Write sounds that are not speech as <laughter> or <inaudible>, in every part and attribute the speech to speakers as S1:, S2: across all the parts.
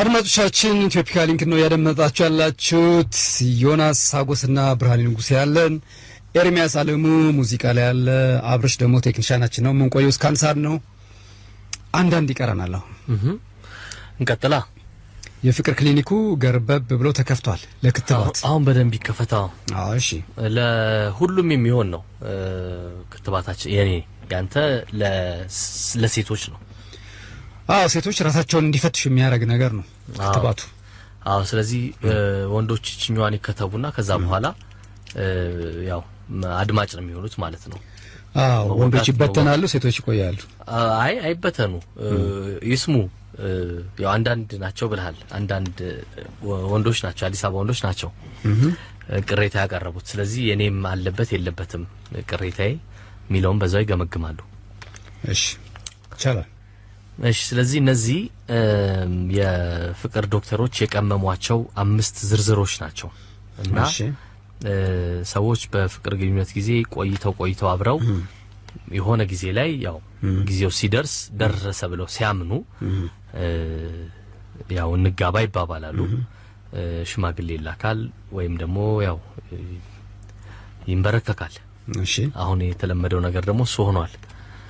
S1: አድማጮቻችን ኢትዮፒካ ሊንክ ነው ያደመጣችሁ ያላችሁት። ዮናስ ሳጎስና ብርሃኔ ንጉሴ ያለን፣ ኤርሚያስ አለሙ ሙዚቃ ላይ ያለ፣ አብርሽ ደግሞ ቴክኒሻናችን ነው። የምንቆየው እስከ ነው። አንዳንድ ይቀረናል።
S2: አሁን እንቀጥላ
S1: የፍቅር ክሊኒኩ ገርበብ ብሎ ተከፍቷል ለክትባት።
S2: አሁን በደንብ ይከፈታ። እሺ፣ ለሁሉም የሚሆን ነው ክትባታችን። የኔ ያንተ ለሴቶች ነው።
S1: አዎ፣ ሴቶች ራሳቸውን እንዲፈትሹ የሚያደርግ ነገር ነው ክትባቱ።
S2: አዎ፣ ስለዚህ ወንዶች ችኛዋን ይከተቡና ከዛ በኋላ ያው አድማጭ ነው የሚሆኑት ማለት ነው።
S1: አዎ ወንዶች ይበተናሉ፣ ሴቶች ይቆያሉ።
S2: አይ አይበተኑ ይስሙ። ያው አንዳንድ ናቸው ብልሃል፣ አንዳንድ ወንዶች ናቸው፣ አዲስ አበባ ወንዶች ናቸው ቅሬታ ያቀረቡት። ስለዚህ የኔም አለበት የለበትም ቅሬታዬ የሚለውን በዛው ይገመግማሉ።
S1: እሺ ይቻላል።
S2: እሺ ስለዚህ እነዚህ የፍቅር ዶክተሮች የቀመሟቸው አምስት ዝርዝሮች ናቸው እና ሰዎች በፍቅር ግንኙነት ጊዜ ቆይተው ቆይተው አብረው የሆነ ጊዜ ላይ ያው ጊዜው ሲደርስ ደረሰ ብለው ሲያምኑ ያው እንጋባ ይባባላሉ። ሽማግሌ ይላካል ወይም ደግሞ ያው ይንበረከካል። እሺ አሁን የተለመደው ነገር ደግሞ እሱ ሆኗል።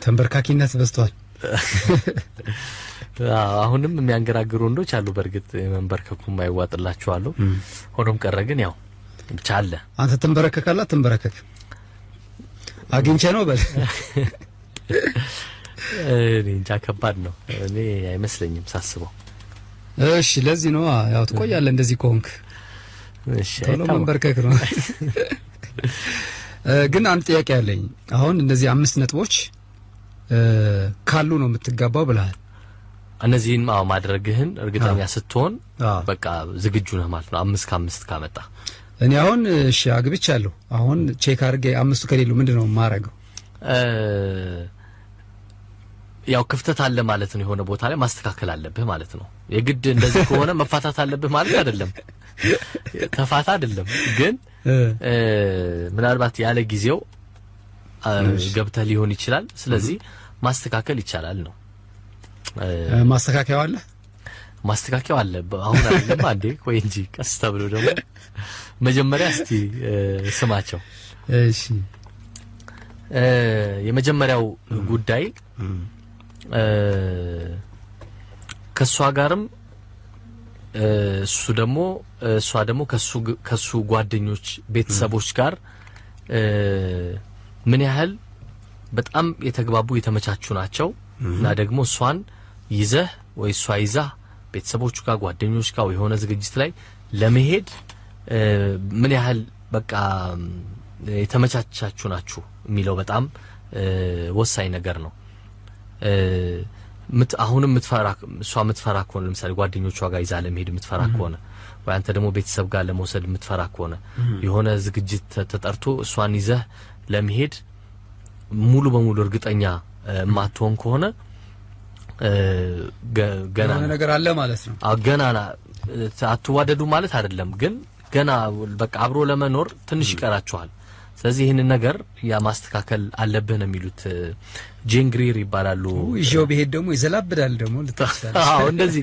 S1: ተንበርካኪነት በዝቷል። <laughs>
S2: አሁንም የሚያንገራግሩ ወንዶች አሉ። በእርግጥ መንበርከኩም አይዋጥላችኋሉ። ሆኖም ቀረ ግን ያው ብቻ አለ።
S1: አንተ ትንበረከካለህ ትንበረከክ አግኝቼ ነው በል።
S2: እኔ እንጃ ከባድ ነው። እኔ አይመስለኝም ሳስበው።
S1: እሺ ለዚህ ነው ያው ትቆያለህ እንደዚህ ከሆንክ። እሺ ቶሎ መንበርከክ ነው። <laughs> ግን አንድ ጥያቄ ያለኝ አሁን እነዚህ አምስት ነጥቦች ካሉ ነው የምትጋባው ብለሃል።
S2: እነዚህን ማድረግህን እርግጠኛ ስትሆን በቃ ዝግጁ ነህ ማለት ነው። አምስት ከአምስት ካመጣ
S1: እኔ አሁን እሺ አግብቻለሁ። አሁን ቼክ አድርጌ አምስቱ ከሌሉ ምንድን ነው የማረገው?
S2: ያው ክፍተት አለ ማለት ነው። የሆነ ቦታ ላይ ማስተካከል አለብህ ማለት ነው። የግድ እንደዚህ ከሆነ መፋታት አለብህ ማለት አይደለም። ተፋታ አይደለም ግን ምናልባት ያለ ጊዜው ገብተህ ሊሆን ይችላል። ስለዚህ ማስተካከል ይቻላል ነው።
S1: ማስተካከያው አለ
S2: ማስተካከያው አለ። አሁን አይደለም። አንዴ ቆይ እንጂ ቀስ ተብሎ ደግሞ መጀመሪያ እስቲ ስማቸው። እሺ፣ የመጀመሪያው ጉዳይ ከእሷ ጋርም እሱ ደግሞ እሷ ደግሞ ከእሱ ጓደኞች ቤተሰቦች ጋር ምን ያህል በጣም የተግባቡ የተመቻቹ ናቸው እና ደግሞ እሷን ይዘህ ወይ እሷ ይዛ ቤተሰቦቹ ጋር ጓደኞች ጋር የሆነ ዝግጅት ላይ ለመሄድ ምን ያህል በቃ የተመቻቻችሁ ናችሁ የሚለው በጣም ወሳኝ ነገር ነው። አሁንም ምትፈራ እሷ ምትፈራ ከሆነ ለምሳሌ ጓደኞቿ ጋር ይዛ ለመሄድ ምትፈራ ከሆነ ወይ አንተ ደግሞ ቤተሰብ ጋር ለመውሰድ የምትፈራ ከሆነ የሆነ ዝግጅት ተጠርቶ እሷን ይዘህ ለመሄድ ሙሉ በሙሉ እርግጠኛ የማትሆን ከሆነ
S1: ገና ነገር አለ ማለት ነው።
S2: ገና አትዋደዱ ማለት አይደለም፣ ግን ገና በቃ አብሮ ለመኖር ትንሽ ይቀራችኋል። ስለዚህ ይህንን ነገር ማስተካከል አለብህ ነው የሚሉት። ጄን ግሪር ይባላሉ።
S1: ይዤው ብሄድ ደግሞ ይዘላብዳል ደግሞ
S2: <laughs> እንደዚህ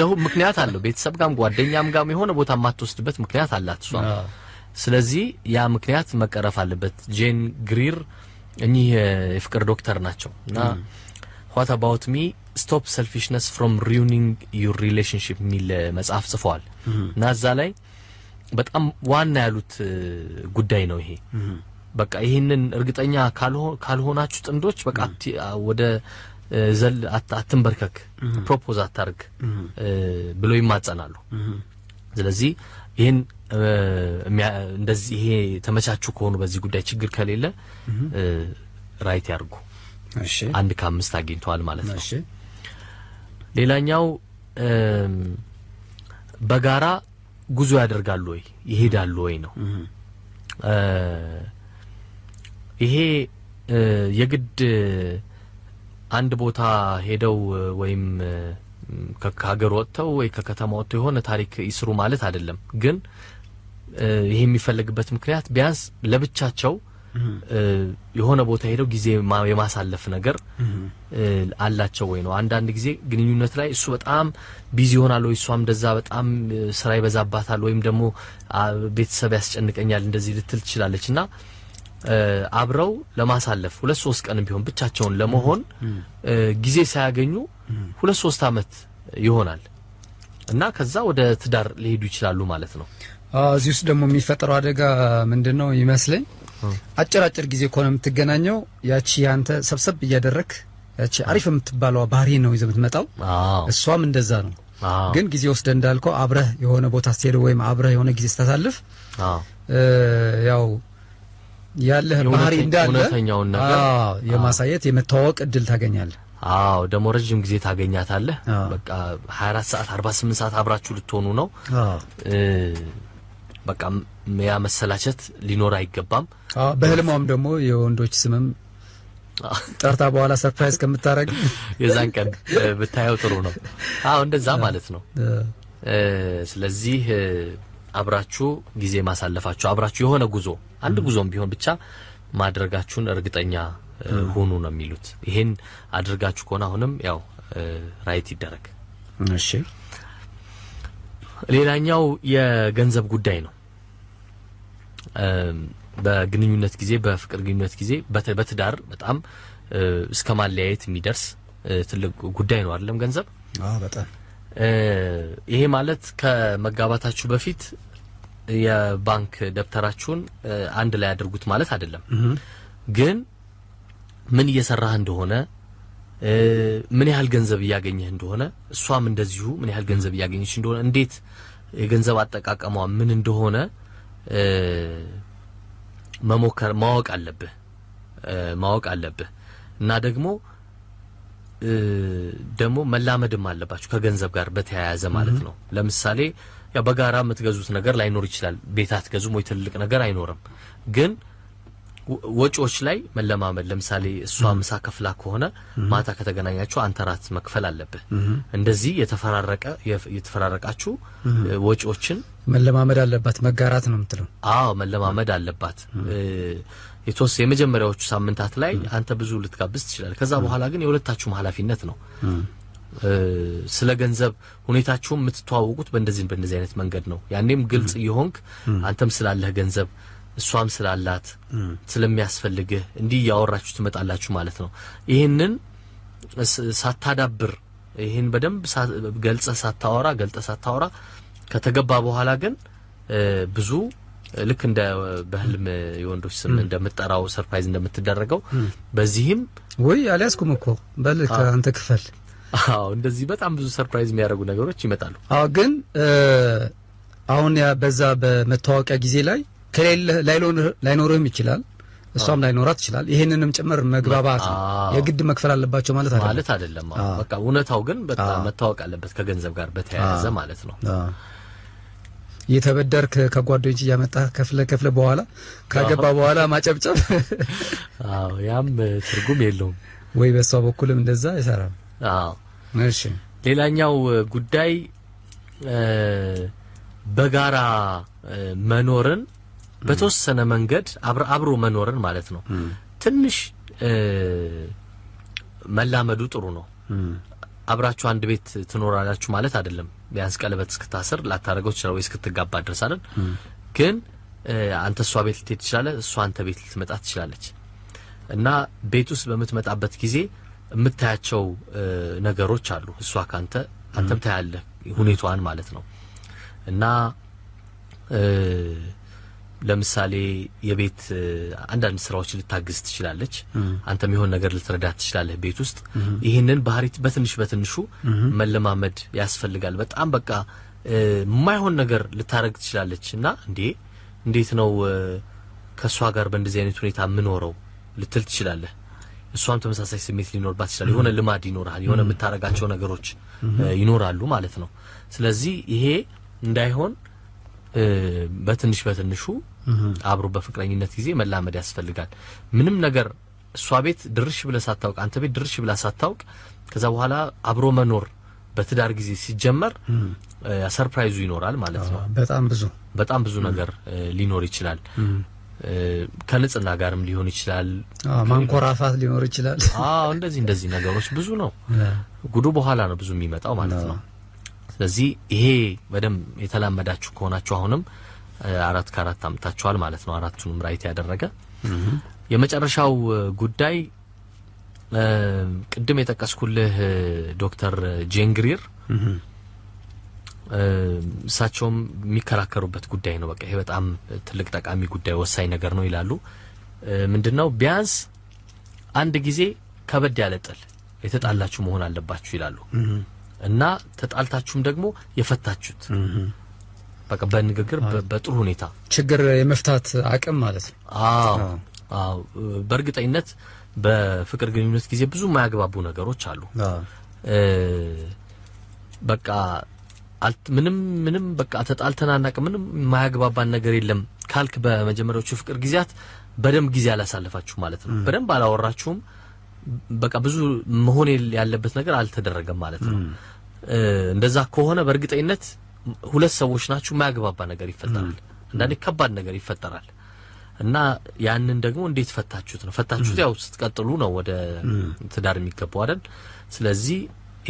S2: ለሁ ምክንያት አለው። ቤተሰብ ጋም ጓደኛም ጋም የሆነ ቦታ የማትወስድበት ምክንያት አላት እሷ። ስለዚህ ያ ምክንያት መቀረፍ አለበት። ጄን ግሪር እኚህ የፍቅር ዶክተር ናቸው እና ዋት አባውት ሚ ስቶፕ ሰልፊሽነስ ፍሮም ሩኒንግ ዩር ሪሌሽንሽፕ የሚል መጽሐፍ ጽፈዋል እና እዛ ላይ በጣም ዋና ያሉት ጉዳይ ነው ይሄ። በቃ ይህንን እርግጠኛ ካልሆናችሁ ጥንዶች በቃ ወደ ዘል አትንበርከክ፣ ፕሮፖዝ አታርግ ብሎ ይማጸናሉ። ስለዚህ ይህን እንደዚህ ይሄ ተመቻችሁ ከሆኑ በዚህ ጉዳይ ችግር ከሌለ ራይት ያርጉ። አንድ ከአምስት አግኝተዋል ማለት ነው። ሌላኛው በጋራ ጉዞ ያደርጋሉ ወይ ይሄዳሉ ወይ ነው። ይሄ የግድ አንድ ቦታ ሄደው ወይም ከሀገር ወጥተው ወይ ከከተማ ወጥተው የሆነ ታሪክ ይስሩ ማለት አይደለም። ግን ይሄ የሚፈልግበት ምክንያት ቢያንስ ለብቻቸው የሆነ ቦታ ሄደው ጊዜ የማሳለፍ ነገር አላቸው ወይ ነው። አንዳንድ ጊዜ ግንኙነት ላይ እሱ በጣም ቢዚ ይሆናል ወይ እሷም እንደዛ በጣም ስራ ይበዛባታል ወይም ደግሞ ቤተሰብ ያስጨንቀኛል እንደዚህ ልትል ትችላለች እና አብረው ለማሳለፍ ሁለት ሶስት ቀን ቢሆን ብቻቸውን ለመሆን ጊዜ ሳያገኙ ሁለት ሶስት አመት ይሆናል እና ከዛ ወደ ትዳር ሊሄዱ ይችላሉ ማለት ነው።
S1: እዚህ ውስጥ ደግሞ የሚፈጠረው አደጋ ምንድን ነው ይመስለኝ አጭር አጭር ጊዜ እኮ የምትገናኘው። ያቺ ያንተ ሰብሰብ እያደረክ ያቺ አሪፍ የምትባለዋ ባህሪ ነው ይዘ የምትመጣው። እሷም እንደዛ ነው። ግን ጊዜ ወስደህ እንዳልከው አብረህ የሆነ ቦታ ስትሄድ ወይም አብረህ የሆነ ጊዜ ስታሳልፍ ያው ያለህ ባህሪ እንዳለ የማሳየት የመተዋወቅ እድል ታገኛለህ።
S2: አዎ ደግሞ ረዥም ጊዜ ታገኛታለህ። በቃ 24 ሰዓት 48 ሰዓት አብራችሁ ልትሆኑ ነው። በቃ ያ መሰላቸት ሊኖር አይገባም።
S1: በህልሟም ደግሞ የወንዶች ስምም ጠርታ በኋላ ሰርፕራይዝ ከምታደረግ
S2: የዛን ቀን ብታየው ጥሩ ነው። አዎ እንደዛ ማለት ነው። ስለዚህ አብራችሁ ጊዜ ማሳለፋችሁ አብራችሁ የሆነ ጉዞ አንድ ጉዞም ቢሆን ብቻ ማድረጋችሁን እርግጠኛ ሁኑ ነው የሚሉት። ይሄን አድርጋችሁ ከሆነ አሁንም ያው ራይት ይደረግ። እሺ፣ ሌላኛው የገንዘብ ጉዳይ ነው። በግንኙነት ጊዜ በፍቅር ግንኙነት ጊዜ በትዳር በጣም እስከ ማለያየት የሚደርስ ትልቅ ጉዳይ ነው አይደለም? ገንዘብ በጣም ይሄ ማለት ከመጋባታችሁ በፊት የባንክ ደብተራችሁን አንድ ላይ ያድርጉት ማለት አይደለም። ግን ምን እየሰራህ እንደሆነ ምን ያህል ገንዘብ እያገኘህ እንደሆነ እሷም እንደዚሁ ምን ያህል ገንዘብ እያገኘች እንደሆነ እንዴት የገንዘብ አጠቃቀሟ ምን እንደሆነ መሞከር ማወቅ አለብህ ማወቅ አለብህ እና ደግሞ ደግሞ መላመድም አለባችሁ ከገንዘብ ጋር በተያያዘ ማለት ነው። ለምሳሌ በጋራ የምትገዙት ነገር ላይኖር ይችላል። ቤት አትገዙም ወይ ትልቅ ነገር አይኖርም ግን ወጪዎች ላይ መለማመድ። ለምሳሌ እሷ ምሳ ከፍላ ከሆነ ማታ ከተገናኛችሁ አንተ ራት መክፈል አለብህ። እንደዚህ የተፈራረቀ የተፈራረቃችሁ ወጪዎችን
S1: መለማመድ አለባት። መጋራት ነው የምትለው?
S2: አዎ መለማመድ አለባት። የተወሰ የመጀመሪያዎቹ ሳምንታት ላይ አንተ ብዙ ልትጋብዝ ትችላለህ። ከዛ በኋላ ግን የሁለታችሁም ኃላፊነት ነው። ስለ ገንዘብ ሁኔታችሁም የምትተዋወቁት በእንደዚህ በእንደዚህ አይነት መንገድ ነው። ያኔም ግልጽ እየሆንክ አንተም ስላለህ ገንዘብ እሷም ስላላት ስለሚያስፈልግህ እንዲህ እያወራችሁ ትመጣላችሁ ማለት ነው። ይህንን ሳታዳብር ይህን በደንብ ገልጸ ሳታወራ ገልጠ ሳታወራ ከተገባ በኋላ ግን ብዙ ልክ እንደ በህልም የወንዶች ስም እንደምጠራው ሰርፕራይዝ እንደምትደረገው በዚህም
S1: ወይ አልያዝኩም እኮ በል አንተ ክፈል።
S2: አዎ እንደዚህ በጣም ብዙ ሰርፕራይዝ የሚያደርጉ ነገሮች ይመጣሉ።
S1: አዎ ግን አሁን በዛ በመታወቂያ ጊዜ ላይ ከሌለህ ላይኖርህም ይችላል እሷም ላይኖራት ይችላል። ይህንንም ጭምር መግባባት የግድ መክፈል አለባቸው ማለት አይደለም ማለት አይደለም።
S2: በቃ እውነታው ግን በጣም መታወቅ አለበት ከገንዘብ ጋር በተያያዘ ማለት ነው።
S1: የተበደርክ ከጓደኞች እያመጣ ከፍለ ከፍለ በኋላ ካገባ በኋላ ማጨብጨብ፣ <laughs>
S2: አዎ ያም ትርጉም የለውም
S1: ወይ በእሷ በኩልም እንደዛ ይሰራል። አዎ እሺ።
S2: ሌላኛው ጉዳይ በጋራ መኖርን በተወሰነ መንገድ አብሮ መኖርን ማለት ነው። ትንሽ መላመዱ ጥሩ ነው። አብራችሁ አንድ ቤት ትኖራላችሁ ማለት አይደለም። ቢያንስ ቀለበት እስክታስር ላታደርገው ትችላለህ፣ ወይ እስክትጋባ ድረስ አይደል? ግን አንተ እሷ ቤት ልትሄድ ትችላለህ፣ እሷ አንተ ቤት ልትመጣ ትችላለች። እና ቤት ውስጥ በምትመጣበት ጊዜ የምታያቸው ነገሮች አሉ። እሷ ካንተ አንተም ታያለህ ሁኔታዋን ማለት ነው እና ለምሳሌ የቤት አንዳንድ ስራዎች ልታግዝ ትችላለች። አንተም የሆን ነገር ልትረዳት ትችላለህ ቤት ውስጥ። ይህንን ባህሪ በትንሽ በትንሹ መለማመድ ያስፈልጋል። በጣም በቃ የማይሆን ነገር ልታደረግ ትችላለች እና እንዴ እንዴት ነው ከእሷ ጋር በእንደዚህ አይነት ሁኔታ የምኖረው ልትል ትችላለህ። እሷም ተመሳሳይ ስሜት ሊኖርባት ይችላል። የሆነ ልማድ ይኖራል፣ የሆነ የምታደርጋቸው ነገሮች ይኖራሉ ማለት ነው። ስለዚህ ይሄ እንዳይሆን በትንሽ በትንሹ አብሮ በፍቅረኝነት ጊዜ መላመድ ያስፈልጋል። ምንም ነገር እሷ ቤት ድርሽ ብለ ሳታውቅ አንተ ቤት ድርሽ ብላ ሳታውቅ ከዛ በኋላ አብሮ መኖር በትዳር ጊዜ ሲጀመር ሰርፕራይዙ ይኖራል ማለት ነው።
S1: በጣም ብዙ በጣም
S2: ብዙ ነገር ሊኖር ይችላል። ከንጽህና ጋርም ሊሆን ይችላል።
S1: ማንኮራፋት ሊኖር ይችላል።
S2: አዎ እንደዚህ እንደዚህ ነገሮች ብዙ ነው። ጉዱ በኋላ ነው ብዙ የሚመጣው ማለት ነው። ስለዚህ ይሄ በደንብ የተላመዳችሁ ከሆናችሁ አሁንም አራት ከአራት አምጥታችኋል ማለት ነው። አራቱንም ራይት ያደረገ የመጨረሻው ጉዳይ ቅድም የጠቀስኩልህ ዶክተር ጄንግሪር እሳቸውም የሚከራከሩበት ጉዳይ ነው። በቃ ይሄ በጣም ትልቅ ጠቃሚ ጉዳይ ወሳኝ ነገር ነው ይላሉ። ምንድነው ቢያንስ አንድ ጊዜ ከበድ ያለ ጥል የተጣላችሁ መሆን አለባችሁ ይላሉ። እና ተጣልታችሁም ደግሞ የፈታችሁት በቃ በንግግር በጥሩ ሁኔታ
S1: ችግር የመፍታት አቅም ማለት ነው።
S2: አዎ አዎ። በእርግጠኝነት በፍቅር ግንኙነት ጊዜ ብዙ የማያግባቡ ነገሮች አሉ። በቃ ምንም ምንም በቃ ተጣልተን ምንም የማያግባባን ነገር የለም ካልክ በመጀመሪያዎቹ ፍቅር ጊዜያት በደንብ ጊዜ አላሳለፋችሁ ማለት ነው። በደንብ አላወራችሁም። በቃ ብዙ መሆን ያለበት ነገር አልተደረገም ማለት ነው። እንደዛ ከሆነ በእርግጠኝነት ሁለት ሰዎች ናችሁ፣ የማያግባባ ነገር ይፈጠራል። አንዳንዴ ከባድ ነገር ይፈጠራል እና ያንን ደግሞ እንዴት ፈታችሁት ነው? ፈታችሁት ያው ስትቀጥሉ ነው ወደ ትዳር የሚገባው አይደል? ስለዚህ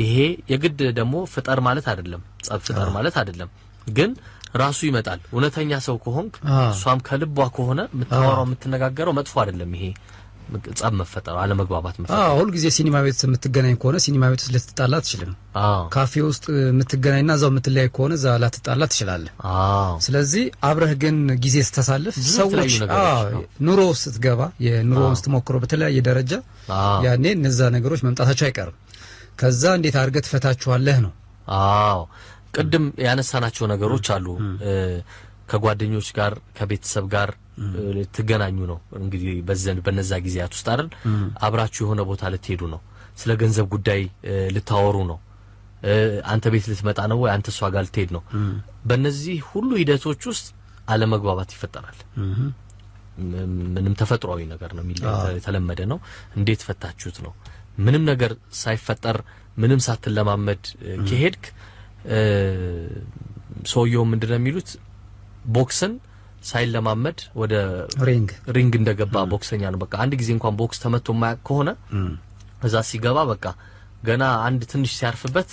S2: ይሄ የግድ ደግሞ ፍጠር ማለት አይደለም፣ ጸብ ፍጠር ማለት አይደለም ግን ራሱ ይመጣል። እውነተኛ ሰው ከሆንክ እሷም ከልቧ ከሆነ የምታወራው የምትነጋገረው መጥፎ አይደለም ይሄ ጸብ መፈጠር አለመግባባት መፈጠሩ።
S1: ሁልጊዜ ሲኒማ ቤት የምትገናኝ ከሆነ ሲኒማ ቤት ውስጥ ልትጣላ አትችልም። ካፌ ውስጥ የምትገናኝና እዛው የምትለያይ ከሆነ እዛ ላትጣላ ትችላለህ። ስለዚህ አብረህ ግን ጊዜ ስታሳልፍ ሰዎች ኑሮ ስትገባ የኑሮ ስትሞክሮ በተለያየ ደረጃ ያኔ እነዛ ነገሮች መምጣታቸው አይቀርም። ከዛ እንዴት አድርገህ ትፈታችኋለህ ነው። አዎ
S2: ቅድም ያነሳናቸው ነገሮች አሉ። ከጓደኞች ጋር ከቤተሰብ ጋር ልትገናኙ ነው እንግዲህ በዘን በነዛ ጊዜያት ውስጥ አይደል አብራችሁ የሆነ ቦታ ልትሄዱ ነው። ስለ ገንዘብ ጉዳይ ልታወሩ ነው። አንተ ቤት ልትመጣ ነው ወይ አንተ እሷ ጋር ልትሄድ ነው። በእነዚህ ሁሉ ሂደቶች ውስጥ አለመግባባት ይፈጠራል። ምንም ተፈጥሯዊ ነገር ነው፣ የተለመደ ነው። እንዴት ፈታችሁት ነው? ምንም ነገር ሳይፈጠር ምንም ሳትለማመድ ከሄድክ ሰውየው ምንድነው የሚሉት ቦክስን ሳይለማመድ ወደ
S1: ሪንግ ሪንግ
S2: እንደገባ ቦክሰኛ ነው። በቃ አንድ ጊዜ እንኳን ቦክስ ተመቶ ማያቅ ከሆነ እዛ ሲገባ በቃ ገና አንድ ትንሽ ሲያርፍበት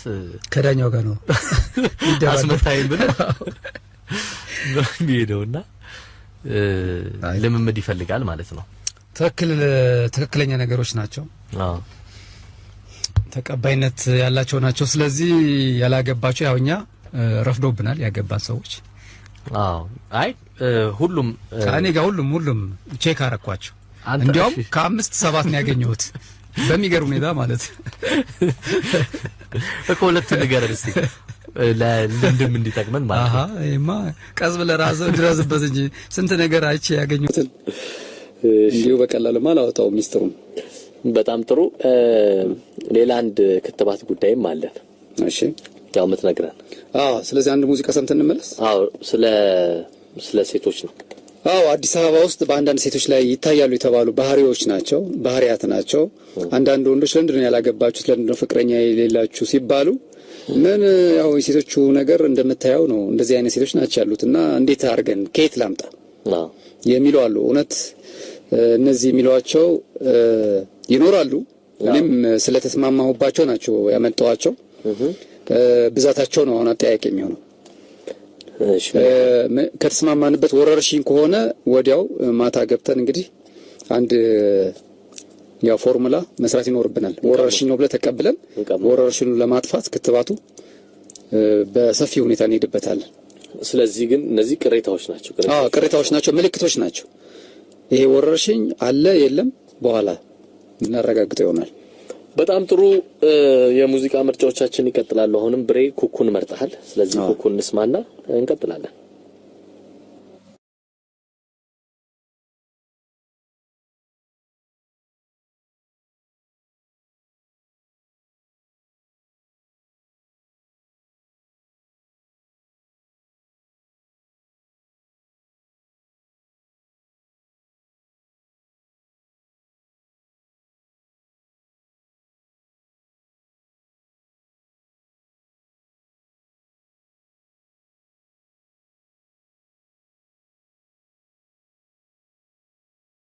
S1: ከዳኛው ጋር ነው
S2: አስመታይም ብለ የሚሄደውና ልምምድ ይፈልጋል ማለት ነው።
S1: ትክክል ትክክለኛ ነገሮች ናቸው። ተቀባይነት ያላቸው ናቸው። ስለዚህ ያላገባቸው ያው እኛ ረፍዶብናል ያገባን ሰዎች
S2: አዎ አይ ሁሉም
S1: እኔ ጋር ሁሉም ሁሉም ቼክ አረኳቸው። እንዲያውም ከአምስት ሰባት ነው ያገኘሁት በሚገርም ሁኔታ ማለት
S2: እኮ ሁለት ንገረን እስቲ ለልምድም እንዲጠቅመን ማለት ነው።
S1: ይሄማ ቀስ ብለህ ራስህ ድረስበት እንጂ ስንት ነገር አይቼ ያገኘሁትን
S2: እንዲሁ በቀላሉማ አላወጣውም ሚስጥሩም በጣም ጥሩ። ሌላ አንድ ክትባት ጉዳይም አለን።
S1: እሺ ያው የምትነግረን። አዎ፣ ስለዚህ አንድ ሙዚቃ ሰምተን እንመለስ። አዎ፣
S2: ስለ ስለ ሴቶች ነው። አዎ፣
S1: አዲስ አበባ ውስጥ በአንዳንድ ሴቶች ላይ ይታያሉ የተባሉ ባህሪዎች ናቸው፣ ባህሪያት ናቸው። አንዳንድ ወንዶች ለምንድን ነው ያላገባችሁት፣ ለምንድን ነው ፍቅረኛ የሌላችሁ ሲባሉ ምን ያው የሴቶቹ ነገር እንደምታየው ነው። እንደዚህ አይነት ሴቶች ናቸው ያሉት እና እንዴት አድርገን ከየት ላምጣ የሚሉ አሉ። እውነት እነዚህ የሚሏቸው ይኖራሉ። እኔም ስለተስማማሁባቸው ናቸው ያመጠዋቸው። ብዛታቸው ነው አሁን አጠያቂ የሚሆነው። ከተስማማንበት ወረርሽኝ ከሆነ ወዲያው ማታ ገብተን እንግዲህ አንድ ያው ፎርሙላ መስራት ይኖርብናል። ወረርሽኝ ነው ብለህ ተቀብለን ወረርሽኙን ለማጥፋት ክትባቱ በሰፊ ሁኔታ እንሄድበታለን።
S2: ስለዚህ ግን እነዚህ ቅሬታዎች ናቸው። አዎ
S1: ቅሬታዎች ናቸው፣ ምልክቶች ናቸው። ይሄ ወረርሽኝ አለ የለም በኋላ እናረጋግጠው ይሆናል።
S2: በጣም ጥሩ የሙዚቃ ምርጫዎቻችን ይቀጥላሉ። አሁንም ብሬ ኩኩን መርጠሃል። ስለዚህ ኩኩን እንስማና እንቀጥላለን።